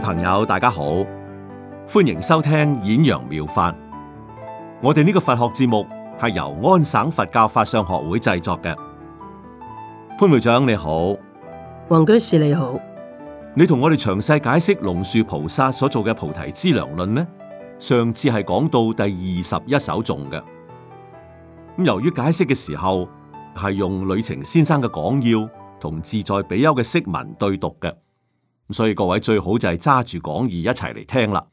朋友，大家好，歡迎收聽《演揚妙，妙法》。我哋呢個佛學節目係由安省佛教法相學會製作嘅。潘會長你好，黃居士你好，你同我哋詳細解釋龍樹菩薩所做嘅《菩提資糧論》呢？上次係講到第二十一首頌嘅。咁由於解釋嘅時候係用呂澂先生嘅講要同自在比丘嘅釋文對讀嘅。所以各位最好就係揸住講義一齊嚟聽啦。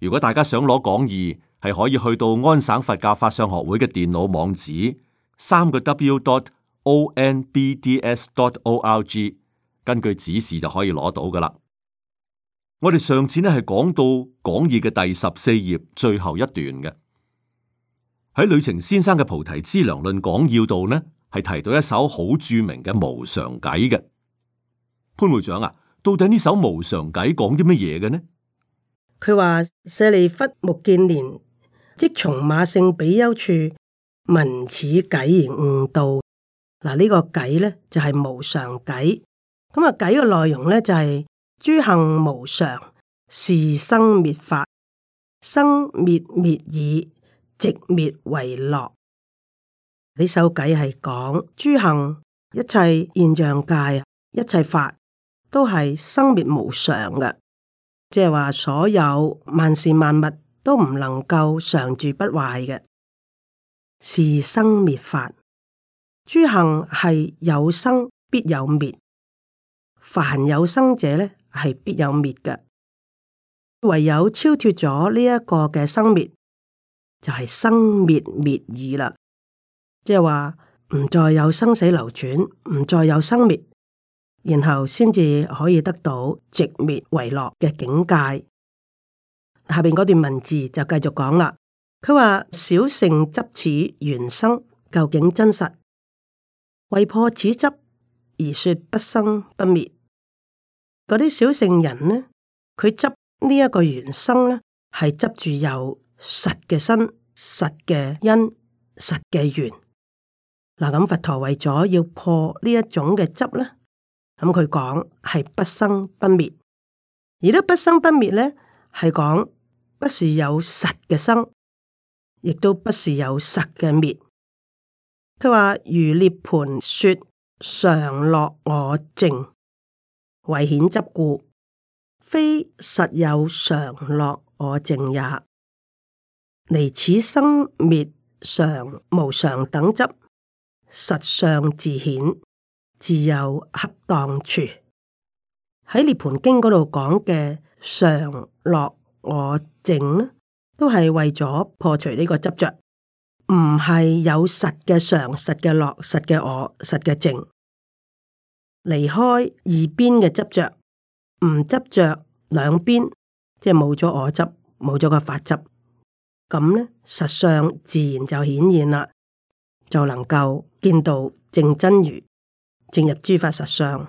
如果大家想攞講義，係可以去到安省佛教法相學會嘅電腦網址，三個 w.dot.o.n.b.d.s.dot.o.r.g，根據指示就可以攞到噶啦。我哋上次呢係講到講義嘅第十四頁最後一段嘅，喺呂程先生嘅《菩提資糧論講要》度呢係提到一首好著名嘅無常偈嘅，潘會長啊。到底呢首無常偈講啲乜嘢嘅呢？佢話舍利弗，目犍連，即從馬勝比丘處聞此偈而悟道。嗱、這個，呢個偈咧就係、是、無常偈。咁啊，偈嘅內容咧就係、是、諸行無常，是生滅法，生滅滅已，寂滅為樂。呢首偈係講諸行一切現象界啊，一切法。都係生滅無常嘅，即係話所有萬事萬物都唔能夠常住不壞嘅，是生滅法。諸行係有生必有滅，凡有生者咧係必有滅嘅。唯有超脫咗呢一個嘅生滅，就係生滅滅已啦。即係話唔再有生死流轉，唔再有生滅。然後先至可以得到寂滅為樂嘅境界。下面嗰段文字就繼續講啦。佢話，小乘執此緣生究竟真實，為破此執而說不生不滅。嗰啲小乘人呢，佢執呢一個緣生呢，係執住有實嘅身、實嘅因、實嘅緣。嗱，咁佛陀為咗要破呢一種嘅執呢？咁佢講係不生不滅，而咧不生不滅呢，係講不是有實嘅生，亦都不是有實嘅滅。佢話如涅槃說常樂我淨，為遣執故，非實有常樂我淨也。離此生滅常無常等執，實相自顯。自有恰當處，喺《涅盤經》嗰度講嘅常樂我淨咧，都係為咗破除呢個執着，唔係有實嘅常、實嘅樂、實嘅我、實嘅淨，離開二邊嘅執着，唔執着兩邊，即係冇咗我執、冇咗個法執，咁呢實相自然就顯現啦，就能夠見到正真如。進入諸法實相，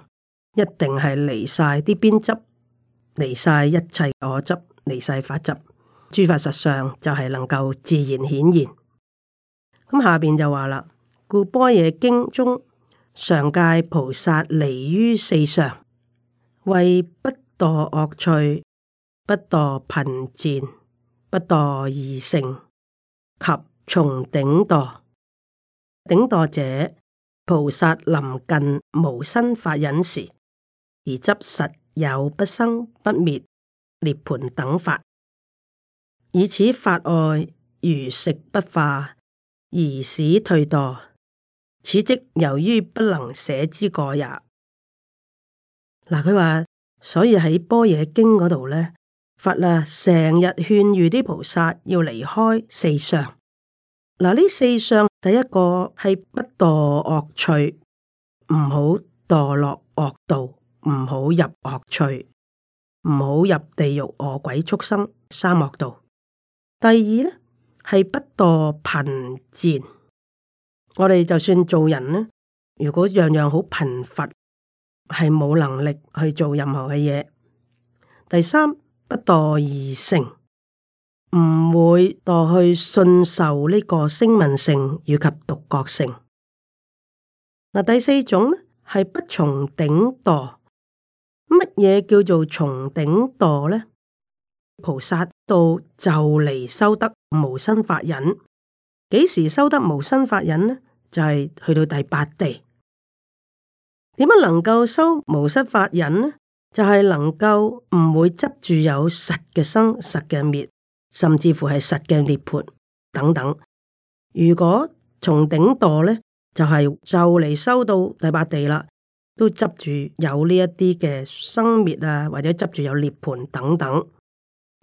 一定係離晒啲邊執，離晒一切我執，離晒法執。諸法實相就係能夠自然顯現。咁、嗯、下面就話啦，故般若經中，上界菩薩離於四相，為不墮惡趣，不墮貧賤，不墮二乘，及從頂墮。頂墮者。菩薩臨近無生法忍時，而執實有不生不滅涅盤等法，以此法愛如食不化而使退墮，此即由於不能捨之過也。嗱，佢話所以喺般若經嗰度咧，佛啊成日勸喻啲菩薩要離開四相。嗱，呢四相第一個係不墮惡趣，唔好墮落惡道，唔好入惡趣，唔好入地獄、餓鬼、畜生、三惡道。第二呢係不墮貧賤，我哋就算做人呢，如果樣樣好貧乏，係冇能力去做任何嘅嘢。第三不墮二乘。唔會墮去信受呢個聲聞性以及獨覺性。嗱，第四種咧係不從頂墮。乜嘢叫做從頂墮呢？菩薩道就嚟修得無生法忍，幾時修得無生法忍呢？就係、是、去到第八地。點樣能夠修無生法忍呢？就係、是、能夠唔會執住有實嘅生，實嘅滅。甚至乎係實嘅涅槃等等。如果從頂墮呢，就係、是、就嚟收到第八地啦，都執住有呢一啲嘅生滅啊，或者執住有涅槃等等。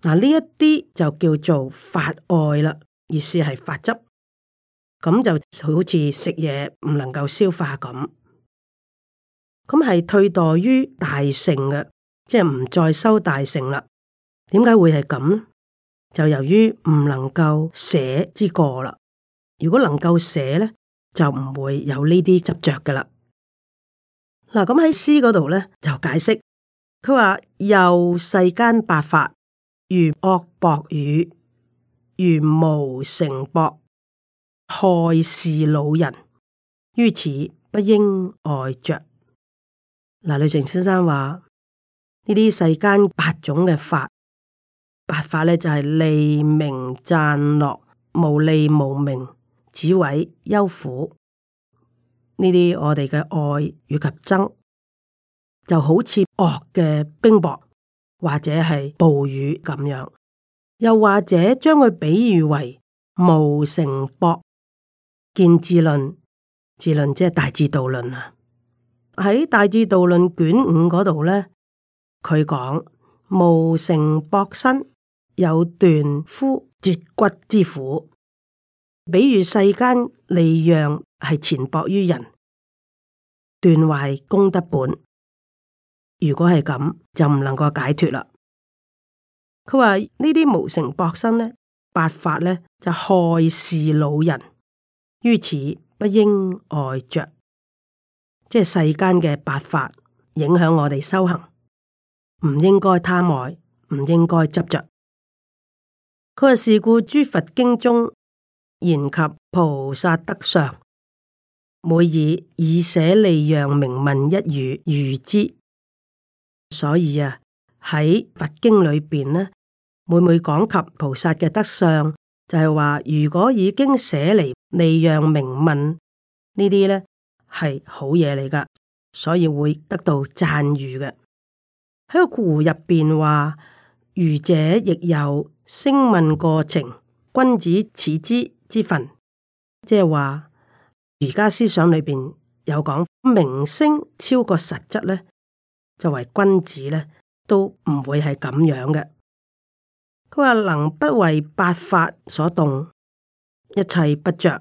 嗱，呢一啲就叫做法外啦，意思係法執。咁就好似食嘢唔能夠消化咁，咁係退墮於大乘嘅，即係唔再收大乘啦。點解會係咁？就由於唔能夠捨之過啦，如果能夠捨咧，就唔會有呢啲執着嘅啦。嗱、啊，咁、嗯、喺詩嗰度咧就解釋，佢話：又世間八法，如惡薄語，如無成薄，害是老人，於此不應外着。嗱、啊，女成先生話呢啲世間八種嘅法。八法咧就係、是、利名讚樂，無利無名，子位憂苦。呢啲我哋嘅愛與及憎，就好似惡嘅冰雹或者係暴雨咁樣，又或者將佢比喻為無成薄。見智論，智論即係大智度論啊。喺大智度論卷五嗰度咧，佢講無成薄身。有斷夫絕骨之苦，比如世間利讓係淺薄於人，斷壞功德本。如果係咁，就唔能夠解脱啦。佢話呢啲無成薄身呢，八法呢就害事老人，於此不應愛着。即係世間嘅八法影響我哋修行，唔應該貪愛，唔應該執着。佢話是故諸佛經中言及菩薩德相，每以以捨利讓、讓名聞一語譽之。所以啊，喺佛經裏邊呢，每每講及菩薩嘅德相，就係、是、話如果已經捨離、利讓、名聞呢啲咧，係好嘢嚟噶，所以會得到讚譽嘅。喺個括弧入邊話，愚者亦有。聲問過程，君子恥之之份，即係話儒家思想裏邊有講名聲，超過實質呢，作為君子呢，都唔會係咁樣嘅。佢話能不為八法所動，一切不着，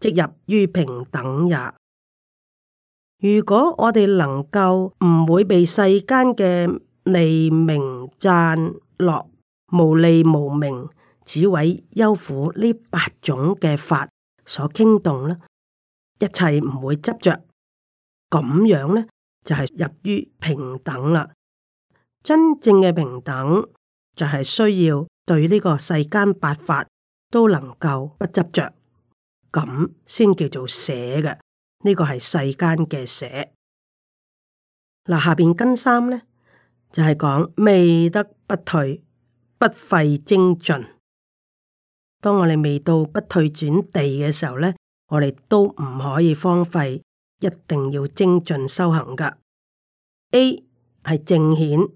即入於平等也。如果我哋能夠唔會被世間嘅利名讚樂、無利無名，只為憂苦呢八種嘅法所傾動啦，一切唔會執着，咁樣咧就係、是、入於平等啦。真正嘅平等就係需要對呢個世間八法都能夠不執着，咁先叫做捨嘅。呢、這個係世間嘅捨。嗱、呃，下邊跟三咧就係、是、講未得不退。不廢精進。當我哋未到不退轉地嘅時候咧，我哋都唔可以荒廢，一定要精進修行噶。A 係正顯，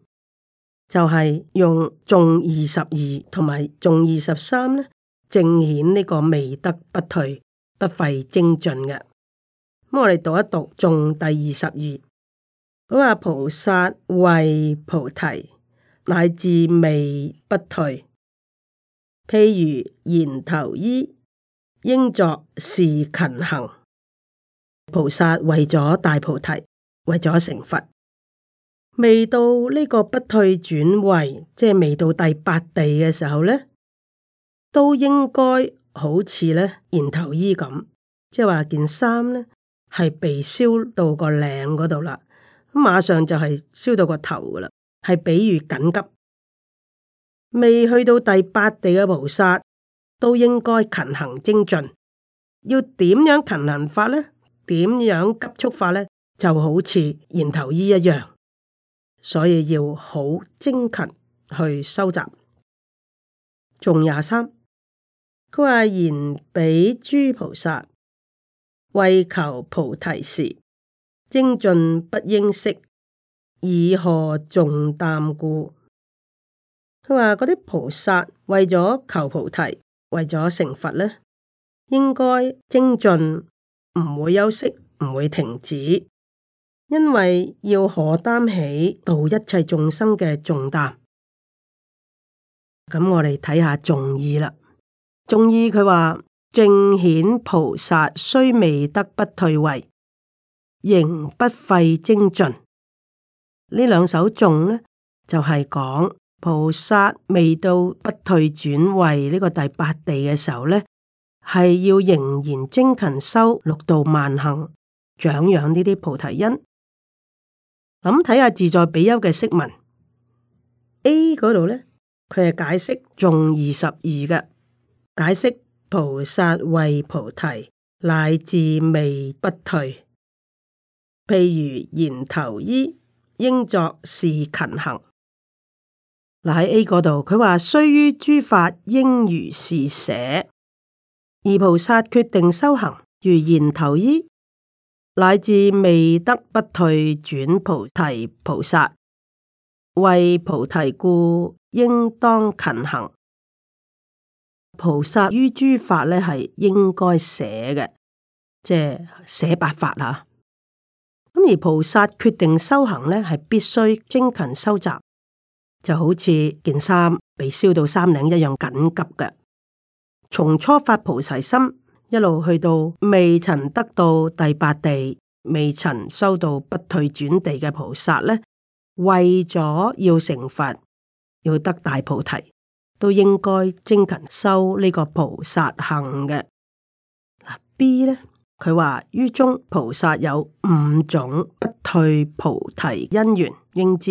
就係、是、用頌二十二同埋頌二十三咧，正顯呢個未得不退、不廢精進嘅。咁我哋讀一讀頌第二十二。佢話菩薩為菩提。乃至未不退，譬如燃頭衣，應作是勤行。菩薩為咗大菩提，為咗成佛，未到呢個不退轉位，即係未到第八地嘅時候咧，都應該好似咧燃頭衣咁，即係話件衫咧係被燒到個領嗰度啦，咁馬上就係燒到個頭噶啦。係，比喻緊急，未去到第八地嘅菩薩，都應該勤行精進。要點樣勤行法咧？點樣急速法咧？就好似圓頭衣一樣，所以要好精勤去收集。仲廿三，佢話言俾諸菩薩為求菩提時，精進不應息。以何重擔故？佢話嗰啲菩薩為咗求菩提，為咗成佛咧，應該精進，唔會休息，唔會停止，因為要可擔起度一切眾生嘅重擔。咁我哋睇下眾意啦。眾意佢話正顯菩薩雖未得不退位，仍不廢精進。呢兩首頌呢，就係、是、講菩薩未到不退轉位呢個第八地嘅時候呢，係要仍然精勤修六度萬行，長養呢啲菩提因。咁睇下自在比丘嘅釋文，A 嗰度呢，佢係解釋頌二十二嘅解釋，菩薩為菩提，乃至未不退，譬如然頭衣。應作是勤行。嗱，喺 A 嗰度，佢話須於諸法應如是捨，而菩薩決定修行，如言投依，乃至未得不退轉菩提菩薩，為菩提故，應當勤行。菩薩於諸法咧係應該捨嘅，即係捨八法啊。而菩薩決定修行呢，係必須精勤修習，就好似件衫被燒到衫領一樣緊急嘅。從初發菩薩心一路去到未曾得到第八地、未曾修到不退轉地嘅菩薩呢，為咗要成佛、要得大菩提，都應該精勤修呢個菩薩行嘅。嗱 B 呢。佢話於中菩薩有五種不退菩提因緣應知，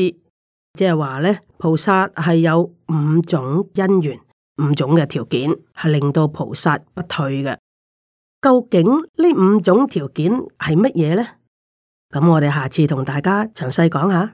即係話咧，菩薩係有五種因緣，五種嘅條件係令到菩薩不退嘅。究竟呢五種條件係乜嘢咧？咁我哋下次同大家詳細講下。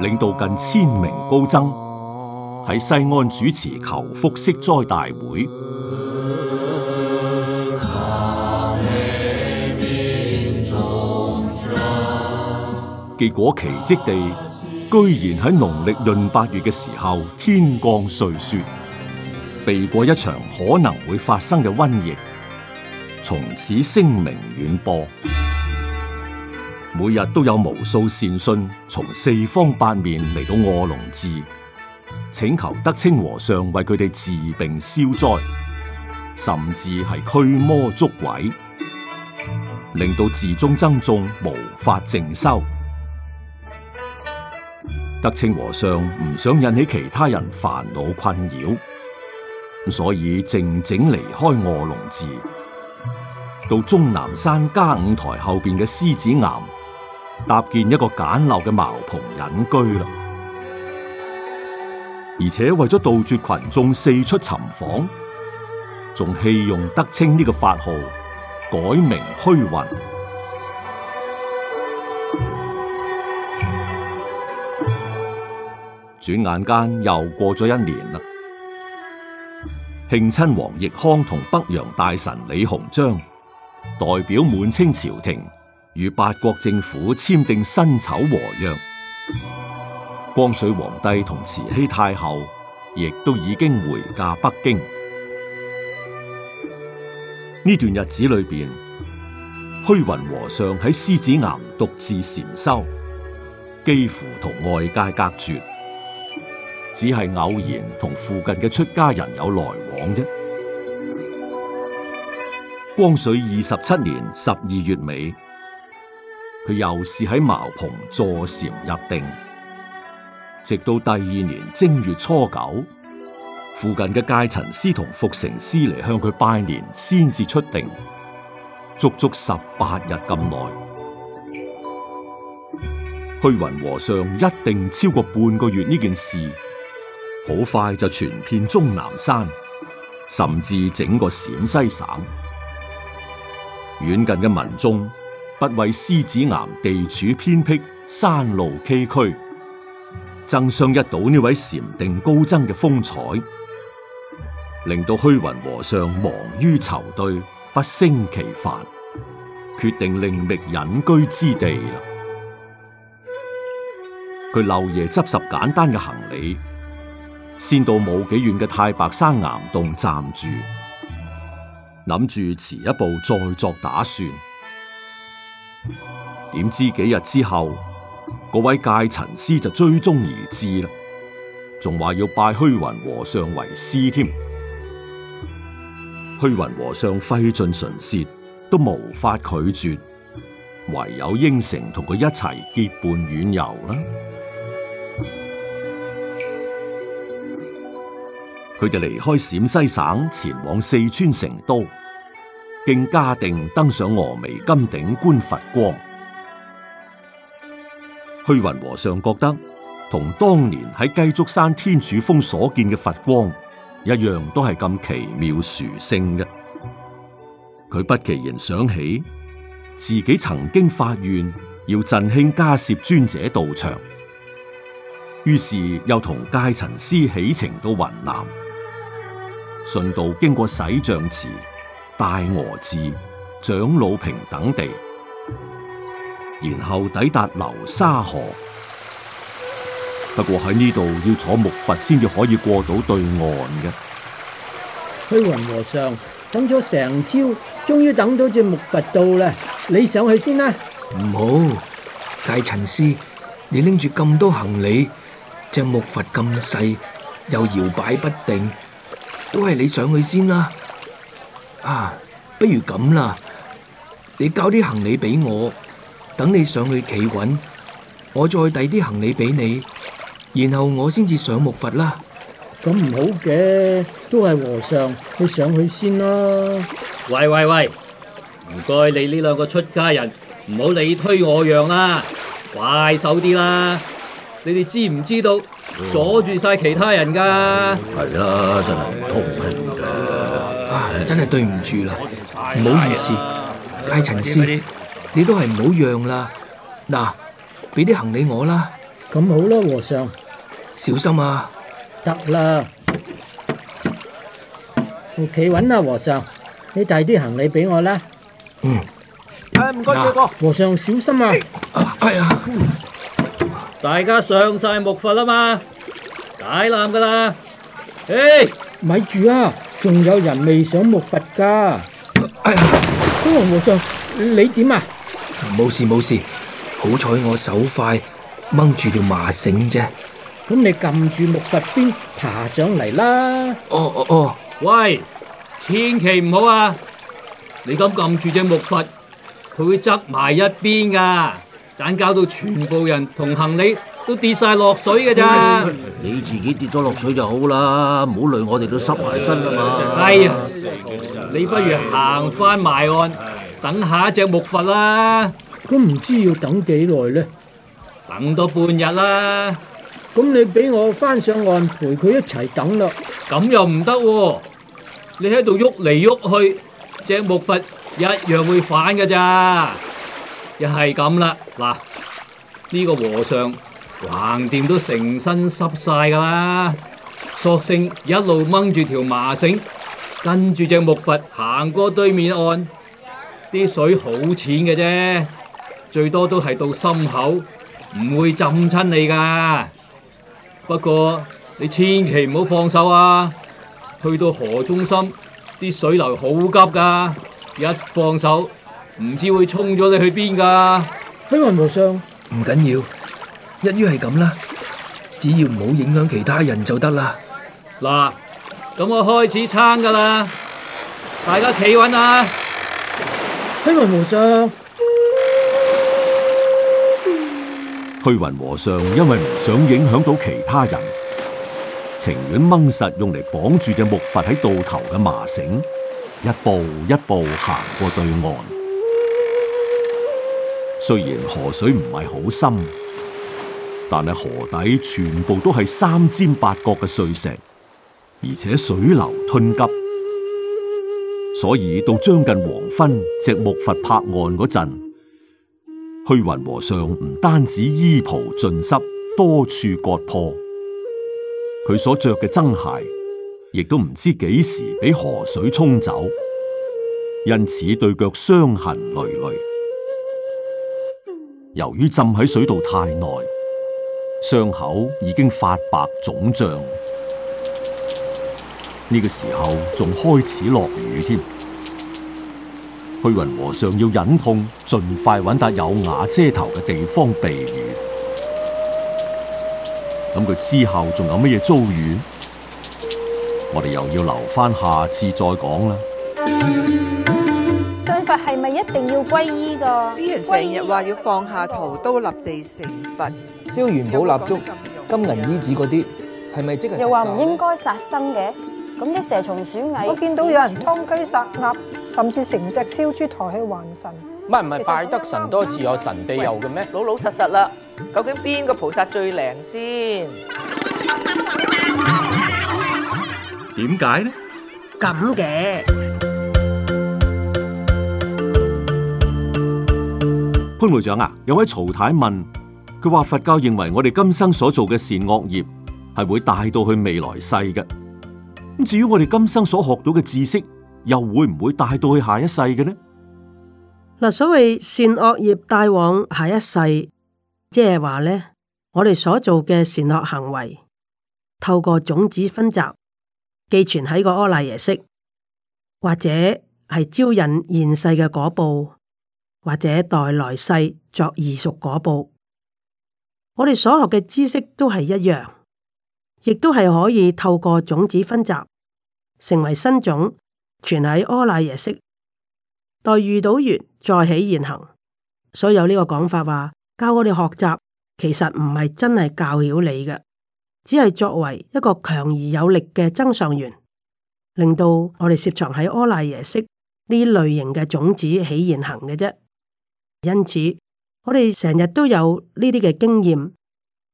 領導近千名高僧喺西安主持求福息災大會， 結果奇迹地，居然喺農曆閏八月嘅時候，天降瑞雪，避過一場可能會發生嘅瘟疫，從此聲名遠播。每日都有無數善信從四方八面嚟到臥龍寺，請求德清和尚為佢哋治病消災，甚至係驅魔捉鬼，令到寺中僧眾無法靜修。德清和尚唔想引起其他人煩惱困擾，所以靜靜離開臥龍寺，到終南山嘉五台後邊嘅獅子巖。搭建一個簡陋嘅茅棚隱居啦，而且為咗杜絕群眾四出尋訪，仲棄用德清呢個法號，改名虛雲。轉眼間又過咗一年啦，慶親王奕劻同北洋大臣李鴻章代表滿清朝廷。與八國政府簽訂辛丑和約，光緒皇帝同慈禧太后亦都已經回嫁北京。呢段日子裏邊，虛雲和尚喺獅子岩獨自禪修，幾乎同外界隔絕，只係偶然同附近嘅出家人有來往啫。光緒二十七年十二月尾。佢又是喺茅棚坐禪入定，直到第二年正月初九，附近嘅戒塵師同伏成師嚟向佢拜年，先至出定。足足十八日咁耐，虛雲和尚一定超過半個月。呢件事好快就傳遍終南山，甚至整個陝西省，遠近嘅民眾。不畏獅子巖地處偏僻、山路崎嶇，爭相一睹呢位禪定高僧嘅風采，令到虛雲和尚忙於酬對，不勝其煩，決定另覓隱居之地。佢漏夜執拾簡單嘅行李，先到冇幾遠嘅太白山岩洞暫住，諗住遲一步再作打算。點知幾日之後，嗰位戒塵師就追蹤而至啦，仲話要拜虛雲和尚為師添。虛雲和尚費盡唇舌，都無法拒絕，唯有應承同佢一齊結伴遠遊啦。佢哋離開陝西省，前往四川成都。經嘉定登上峨眉金頂觀佛光，虛雲和尚覺得同當年喺雞足山天柱峰所見嘅佛光一樣，都係咁奇妙殊勝嘅。佢不期然想起自己曾經發願要振興迦葉尊者道場，於是又同戒塵師起程到雲南，順道經過洗象池。大峨寺、長老坪等地，然後抵達流沙河。不過喺呢度要坐木筏先至可以過到對岸嘅。虛雲和尚等咗成朝，終於等到隻木筏到啦！你上去先啦。唔好，戒塵師，你拎住咁多行李，隻木筏咁細又搖擺不定，都係你上去先啦。啊，不如咁啦，你交啲行李俾我，等你上去企穩，我再遞啲行李俾你，然後我先至上木筏啦。咁唔好嘅，都係和尚你上去先啦。喂喂喂，唔該你呢兩個出家人，唔好你推我讓啦，啊，快手啲啦，你哋知唔知道阻住晒其他人噶？係、嗯嗯、啦，真係唔通。欸真係對唔住啦，唔好意思，戒塵師，你都係唔好讓啦。嗱，俾啲行李我啦，咁好啦，和尚，小心啊！得啦，屋企穩啊，和尚，你帶啲行李俾我啦。嗯。哎，唔該，借過。和尚小心啊！哎呀，大家上晒木筏啦嘛，解難噶啦。哎，咪住啊！仲有人未上木筏噶？公皇、哎呀哦、和尚，你點啊？冇事冇事，事好彩我手快，掹住條麻繩啫。咁、嗯、你撳住木筏邊爬上嚟啦。哦哦哦！哦喂，千祈唔好啊！你咁撳住隻木筏，佢會側埋一邊噶、啊，盞搞到全部人同行李。都跌晒落水㗎咋，你自己跌咗落水就好啦，唔好累我哋都濕埋身啦嘛。係啊，你不如行翻埋岸，等下一隻木筏啦。咁唔知要等幾耐咧？等多半日啦。咁你俾我翻上岸陪佢一齊等咯。咁又唔得，你喺度喐嚟喐去，隻木筏一樣會反㗎咋。又係咁啦，嗱，呢個和尚。橫掂都成身濕晒噶啦，索性一路掹住條麻繩，跟住隻木筏行過對面岸。啲水好淺嘅啫，最多都係到心口，唔會浸親你噶。不過你千祈唔好放手啊！去到河中心，啲水流好急噶，一放手唔知會衝咗你去邊噶。虛雲和尚，唔緊要。一於係咁啦，只要唔好影響其他人就得啦。嗱，咁我開始撐噶啦，大家企穩啊！虛雲和尚，虛雲和尚因為唔想影響到其他人，情願掹實用嚟綁住隻木筏喺渡頭嘅麻繩，一步一步行過對岸。雖然河水唔係好深。但係河底全部都係三尖八角嘅碎石，而且水流湍急，所以到將近黃昏，隻木筏拍岸嗰陣，虛雲和尚唔單止衣袍盡濕，多處割破，佢所着嘅僧鞋亦都唔知幾時俾河水沖走，因此對腳傷痕累累。由於浸喺水度太耐。傷口已經發白腫脹，呢個時候仲開始落雨添。虛雲和尚要忍痛盡快揾笪有瓦遮頭嘅地方避雨。咁佢之後仲有乜嘢遭遇？我哋又要留翻下，下次再講啦。僧法係咪一定要皈依噶？啲人成日話要放下屠刀立地成佛。燒元寶蠟燭、金銀衣紙嗰啲，係咪即係？又話唔應該殺生嘅，咁啲蛇蟲鼠蟻，我見到有人劏雞殺鴨，甚至成隻燒豬抬去還神。唔係唔係，拜得神多自有神庇佑嘅咩？老老實實啦，究竟邊個菩薩最靈先？點解呢？咁嘅潘會長啊，有位曹太問。佢話佛教認為我哋今生所做嘅善惡業係會帶到去未來世嘅。咁至於我哋今生所學到嘅知識，又會唔會帶到去下一世嘅呢？嗱，所謂善惡業帶往下一世，即係話咧，我哋所做嘅善惡行為，透過種子分集寄存喺個阿賴耶識，或者係招引現世嘅果報，或者待來世作異熟果報。我哋所學嘅知識都係一樣，亦都係可以透過種子分集，成為新種，存喺阿賴耶識，待遇到緣再起現行。所以有呢個講法話，教我哋學習其實唔係真係教曉你嘅，只係作為一個強而有力嘅增上緣，令到我哋攝藏喺阿賴耶識呢類型嘅種子起現行嘅啫。因此。我哋成日都有呢啲嘅經驗，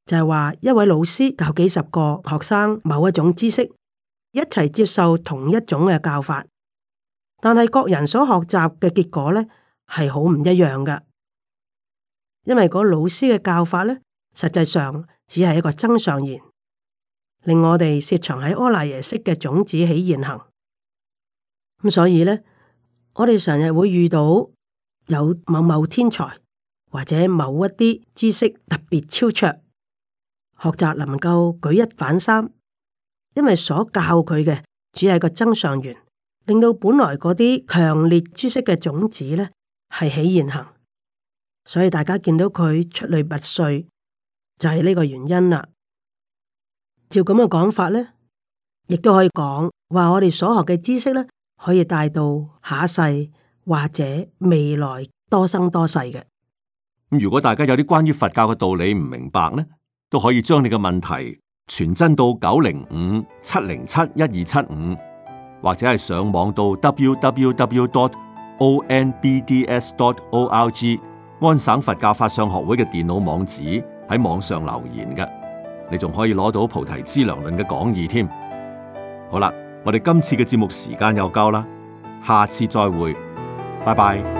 就係話一位老師教幾十個學生某一種知識，一齊接受同一種嘅教法，但係各人所學習嘅結果咧係好唔一樣噶，因為嗰老師嘅教法咧，實際上只係一個增上緣，令我哋攝藏喺阿賴耶識嘅種子起現行。咁所以咧，我哋成日會遇到有某某天才。或者某一啲知識特別超卓，學習能夠舉一反三，因為所教佢嘅只係個增上緣，令到本來嗰啲強烈知識嘅種子咧係起現行，所以大家見到佢出類拔萃，就係、是、呢個原因啦。照咁嘅講法咧，亦都可以講話我哋所學嘅知識咧，可以帶到下一世或者未來多生多世嘅。咁如果大家有啲關於佛教嘅道理唔明白呢，都可以將你嘅問題傳真到九零五七零七一二七五，75, 或者係上網到 w w w dot o n b d s dot o r g 安省佛教法相學會嘅電腦網址，喺網上留言嘅，你仲可以攞到菩提資糧論嘅講義添。好啦，我哋今次嘅節目時間又夠啦，下次再會，拜拜。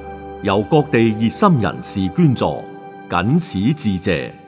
由各地熱心人士捐助，僅此致謝。